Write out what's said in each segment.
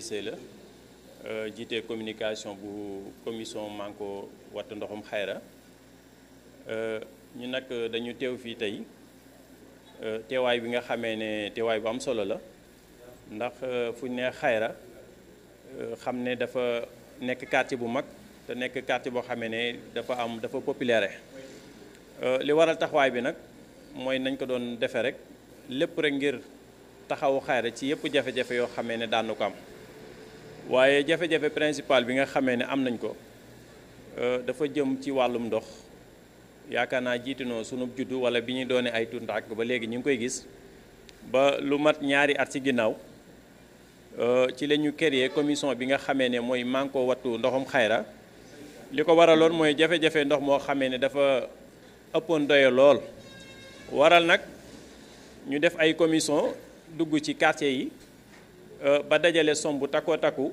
Cissé la euh, jiite communication bu commission Manko Wattu Ndoxum Xayra euh, ñu nag euh, dañu teew fii tey teewaay bi nga xamee ne teewaay bu am solo la ndax fu ñu nee xayra xam ne dafa nekk quartier bu mag te nekk quartier boo xamee ne dafa am dafa populaire li waral taxawaay bi nag mooy nañ ko doon defe rek lépp rek ngir taxawu xayra ci yëpp jafe-jafe yoo xamee ne daan am waaye jafe-jafe principal bi nga xamee ne am nañ ko euh, dafa jëm ci wàllum ndox yaakaar naa jiitinoo sunu juddu wala bi ñu doonee ay tuntaak ba léegi ñu ngi koy gis ba lu mat ñaari at si ginnaaw euh, ci la ñu commission bi nga xamee ne mooy manko wattu ndoxum xayra li ko waraloon mooy jafe-jafe ndox moo xamee ne dafa ëppoon doye lool waral nag ñu def ay commission dugg ci quartier yi Euh, ba dajale somme bu takkoo takku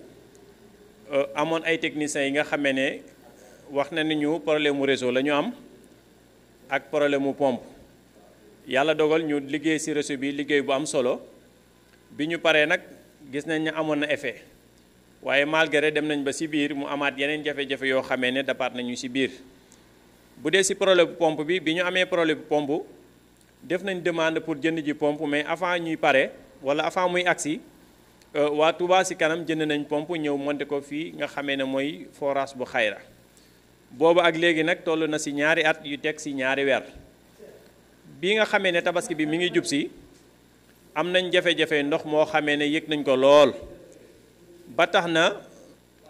euh, amoon ay techniciens yi nga xamee ne wax na ni ñu problème mu réseau la ñu am ak problème mu pompe yàlla dogal ñu liggéey si réseau bi liggéey bu am solo bi ñu paree nag gis nañ ne amoon na effet waaye malgré dem nañ ba si biir mu amaat yeneen jafe-jafe yoo xamee ne dapaat nañu si biir bu dee si problème bu bi bi ñu amee problème bu def nañ demande pour jënd ji pompe mais avant ñuy pare walla avant muy agsi Euh, waa tubaa si kanam jënd nañ pompe ñëw monte ko fii nga xamee ne mooy forage bu xayra boobu ak léegi nag toll na si ñaari at yu teg si ñaari weer bi nga xamee ne tabaski bi mi ngi jub si am nañ jafe-jafe ndox moo xamee ne yëg nañ ko lool ba tax na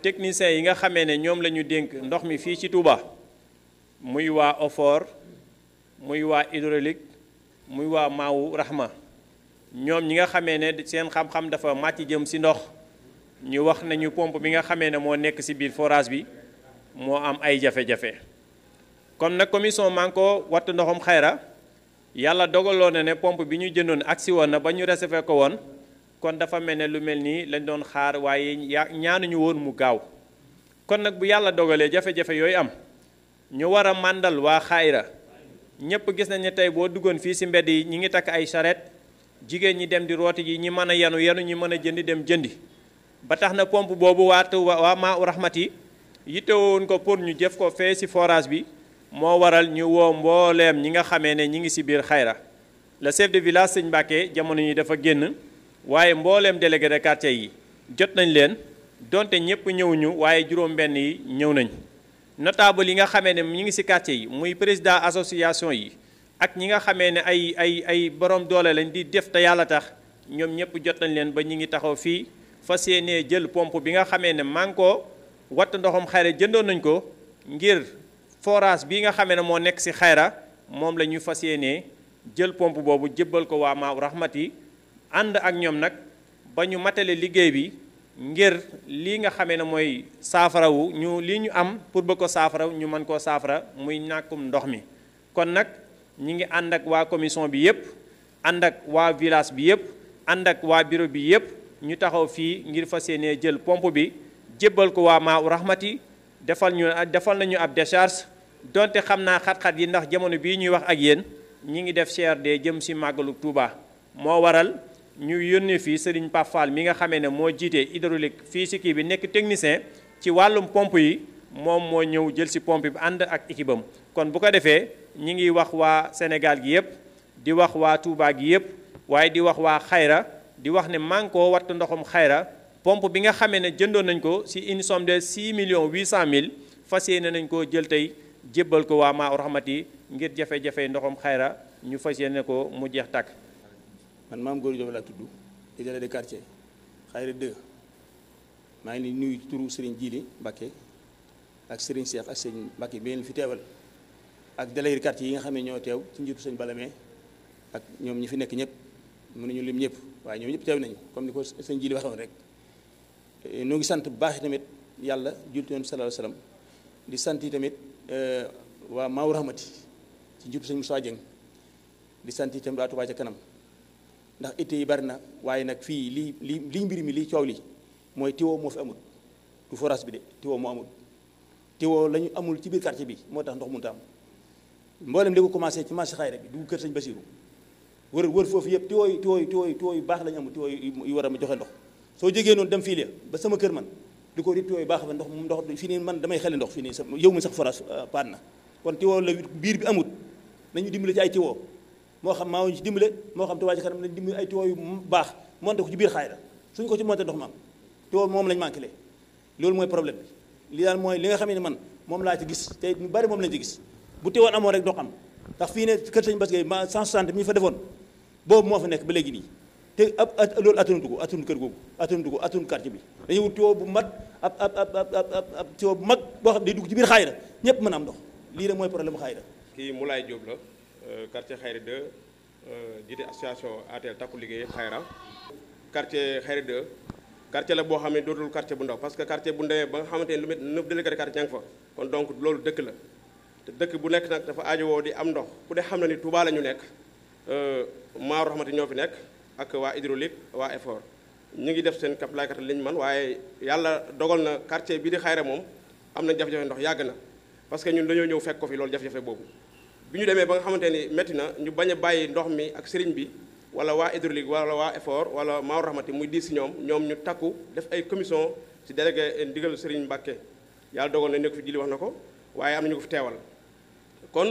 techniciens yi nga xamee ne ñoom lañu dénk ndox mi fii ci Touba muy waa OFOR muy waa hydraulique muy waa Maawu raxma ñoom ñi nga xamee ne seen xam-xam dafa màcc jëm si ndox ñu wax nañu pompe bi nga xamee ne moo nekk si biir forage bi moo am ay jafe-jafe kon nag commission Manko Wattu Ndoxum Xayra yàlla dogaloo na ne pompe bi ñu jëndoon agsi woon na ba ñu recevé ko woon kon dafa mel ne lu mel nii lañ doon xaar waaye ñaanuñu woon mu gaaw kon nag bu yàlla dogalee jafe-jafe yooyu am ñu war a màndal waa xayra ñëpp gis nañ ne tey boo duggoon fii si mbedd yi ñu ngi takk ay charrette jigéen ñi dem di rooti ji ñi mën a yenu yenu ñi mën a jëndi dem jëndi ba tax na pompe boobu waatu waa maa u rahmat yi yittewoon ko pour ñu jëf ko fee si forage bi moo waral ñu woo mbooleem ñi nga xamee ne ñi ngi si biir xayra le chef de village sëñ Mbàkke jamono yi dafa génn waaye mbooleem délégué de quartier yi jot nañ leen donte ñëpp ñëwuñu waaye juróom-benn yi ñëw nañ notable yi nga xamee ne ñi ngi si quartier yi muy président association yi ak ñi nga xamee ne ay ay ay borom doole lañ di def te yàlla tax ñoom ñëpp jot nañ leen ba ñu ngi taxaw fii fas yéenee jël pomp bi nga xamee ne man koo watt ndoxum xayra jëndoon nañ ko ngir forage bi nga xamee ne moo nekk si xayra moom la ñu fas yéenee jël pomp boobu jébbal ko waa Maaw Rahmati ànd ak ñoom nag ba ñu matale liggéey bi ngir lii nga xamee ne mooy saafarawu ñu lii ñu am pour ba ko saafaraw ñu mën koo saafara muy nàkkum ndox mi kon nag. ñi ngi ànd ak waa commission bi yëpp ànd ak waa village bi yëpp ànd ak waa bureau bi yëpp ñu taxaw fii ngir fa yéenee jël pomp bi jébbal ko waa Maa u Rahmati defal ñu defal nañu ab décharge donte xam naa xat-xat yi ndax jamono bii ñuy wax ak yéen ñi ngi def CRD jëm si màggalu Touba moo waral ñu yónnee fii Serigne Pape mi nga xamee ne moo jiitee hydraulique fii si kii bi nekk technicien ci wàllum pompe yi moom moo ñëw jël si pompe bi ànd ak équipe kon bu ko defee ñi ngi wax waa senegal gi yëpp di wax waa Touba gi yëpp waaye di wax waa xayra di wax ne mànkoo wattu ndoxum xayra pompe bi nga xamee ne jëndoon nañ ko si une somme de million millions 800 mille fas yéene nañ koo jël tey jébbal ko waa maa rahmat ngir jafe-jafe ndoxum xayra ñu fas yéene ko mu jeex tàkk. man maam Góor Diop laa tudd di délégué de quartier xayra 2 maa ngi nuyu turu Serigne Djili Mbacké ak Serigne Cheikh ak Serigne Mbacké bi ngeen fi teewal. ak délégué quartier yi nga xam ne ñoo teew ci njiitu sañ Balamé ak ñoom ñi fi nekk ñëpp mënuñu lim ñëpp waaye ñoom ñëpp teew nañu comme ni ko sëñ ji li waxoon rek eh, noo ngi sant bu baax tamit yàlla jultu yoon sallallahu di sant yi tamit waa Maawu Rahmati ci njiitu sëñ Moussa di sant yi tamit kanam ndax itte yi bari na waaye nag fii lii lii lii mbir mi lii coow li mooy tiwoo moo fi amul du forage bi de tiwoo moo amul tiwoo la ñu amul ci biir quartier bi moo tax ndox mënut a mboolem li ko commencé ci marché xayra bi dugg kër sëñ Basiru wër wër foofu yëpp tiwooyu tiwooyu tiwooyu yu baax la ñu amul tiwooyu yu war a ma joxe ndox soo jegee noonu dem fii la ba sama kër man di ko rit tiwooyu baax fa ndox ndox fii nii man damay xeli ndox fii nii sa yow mi sax forage euh, paan na kon tiwoo la biir bi amut nañu dimbale ci ay tiwoo moo xam maa ci dimbale moo xam Touba Ca Kanam nañ dimbale ay tiwoo yu baax monte ko ci biir xayra suñu ko ci monte ndox ma am tiwoo moom lañ manqué lee loolu mooy problème li daal mooy li nga xam ne man moom laa ci gis te ñu moom lañ ci gis bu teewoon amoon rek doo am ndax fii ne kër sëñ Bass ma ma 160 mi ñu fa defoon boobu moo fa nekk ba léegi nii te ab at loolu attanatu ko attanu kër googu attanatu ko attanu quartier bi dañuy wut tuyoo bu mat ab ab ab bu mag boo xam day dugg ci biir xaayra ñëpp mën a am ndox lii rek mooy problème mu xaayra. kii Moulay Diop la euh, quartier xaayra 2 euh, jiite association ATL takku liggéey xaayra quartier xaayra 2 quartier la boo xam ne dootul quartier bu ndaw parce que ndawee ba nga xamante ne lu met neuf délégués de quartier ña nga fa kon donc loolu dëkk la. te dëkk bu nekk nag dafa aajowoo di am ndox ku dee xam na ni Touba ñu nekk euh, Maaru Rahmati ñoo fi nekk ak waa hydraulique waa effort ñu ngi def seen kap laykata liñ man waaye yàlla dogal na quartier bi di xayra moom am nañ jafe-jafe ndox yàgg na parce que ñun dañoo ñëw fekk ko fi loolu jafe-jafe boobu bi ñu demee ba nga xamante ni métti na ñu bañ a bàyyi ndox mi ak sëriñ bi wala waa hydraulique wala waa effort wala Maaru Rahmati muy diis si ñoom ñoom ñu takku def ay commission si délégué ndigal sëriñ Mbàkke yàlla dogal na nekk fi jili wax na ko waaye am ñu ko fi teewal kon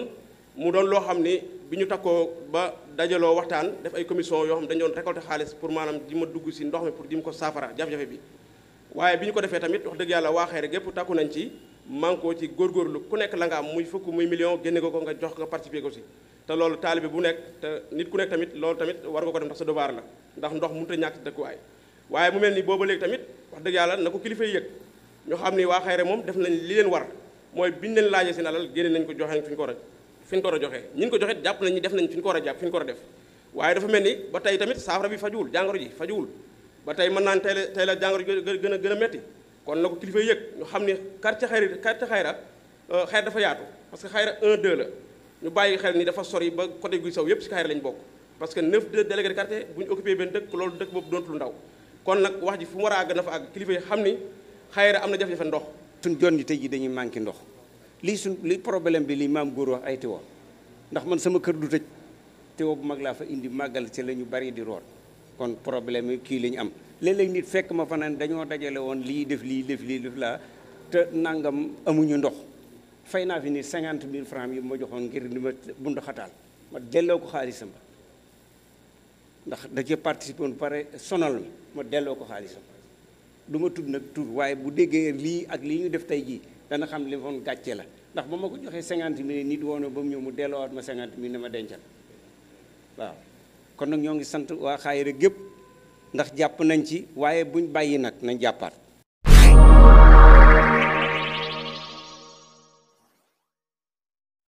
mu doon loo xam ni bi ñu takkoo ba dajaloo waxtaan def ay commission yoo xam ne dañu doon récolter xaalis pour maanaam di ma dugg si ndox mi pour di ma ko saafara jafe-jafe bi waaye bi ñu ko defee tamit wax dëgg yàlla waa Xayra gépp takku nañ ci mànkoo ci lu ku nekk la nga am muy fukk muy million génne ko ko nga jox nga participer ko si te loolu taalibe bu nekk te nit ku nekk tamit loolu tamit war nga ko dem ndax sa devoir la ndax ndox mënut a ñàkk ci dëkkuwaay waaye mu mel ni booba léegi tamit wax dëgg yàlla na ko kilifa yi yëg ñu ni waa Xayra moom def nañ li leen war mooy biñ leen laajee nalal alal génne nañ ko joxe fi ñu ko war a fi ñu ko war a joxe ñi ko joxe jàpp nañ ñi def nañ fi ñu ko war a jàpp ko war a def waaye dafa mel ni ba tey tamit saafara bi fajuwul jàngoro ji fajuwul ba tey mën naan tey la tey la jàngoro ji gën a gën a metti kon na ko kilifa yëg ñu xam ni quartier xayri quartier xayra euh, xayra dafa yaatu parce que xayra 1 la ñu bàyyi xel ni dafa sori ba côté guy saw yépp ci xayra lañ bokk parce que 9 2 délégué de quartier bu ñu occupé benn dëkk loolu dëkk boobu doontul ndaw wax ji fu mu na fa àgg kilifa yi xam ni xayra am na jafe ndox suñ jonni tey ji dañuy manqué ndox lii suñ li problème bi lii maam góor wax ay tiwo ndax man sama kër du tëj tiwo bu mag laa fa indi màggal ci la ñu bari di root kon problème yi kii la ñu am léeg-léeg nit fekk ma fa naan dañoo dajale woon lii def lii def lii def laa te nangam amuñu ndox fay naa fi ni cinquante mille francs yi ma joxoon ngir ni ma bund ma delloo ko xaalisam ndax da cee participé woon pare sonal ma ma delloo ko xaalisam du ma tudd nag tur waaye bu déggee lii ak lii ñu def tey jii dana xam li woon gàcce la ndax ba ma ko joxee cinquante mille nit woon ba mu ñëw mu delloowaat ma cinquante mi ne ma dencal waaw kon nag ñoo ngi sant waa Xaayira gépp ndax jàpp nañ ci waaye buñ bàyyi nag nañ jàppaat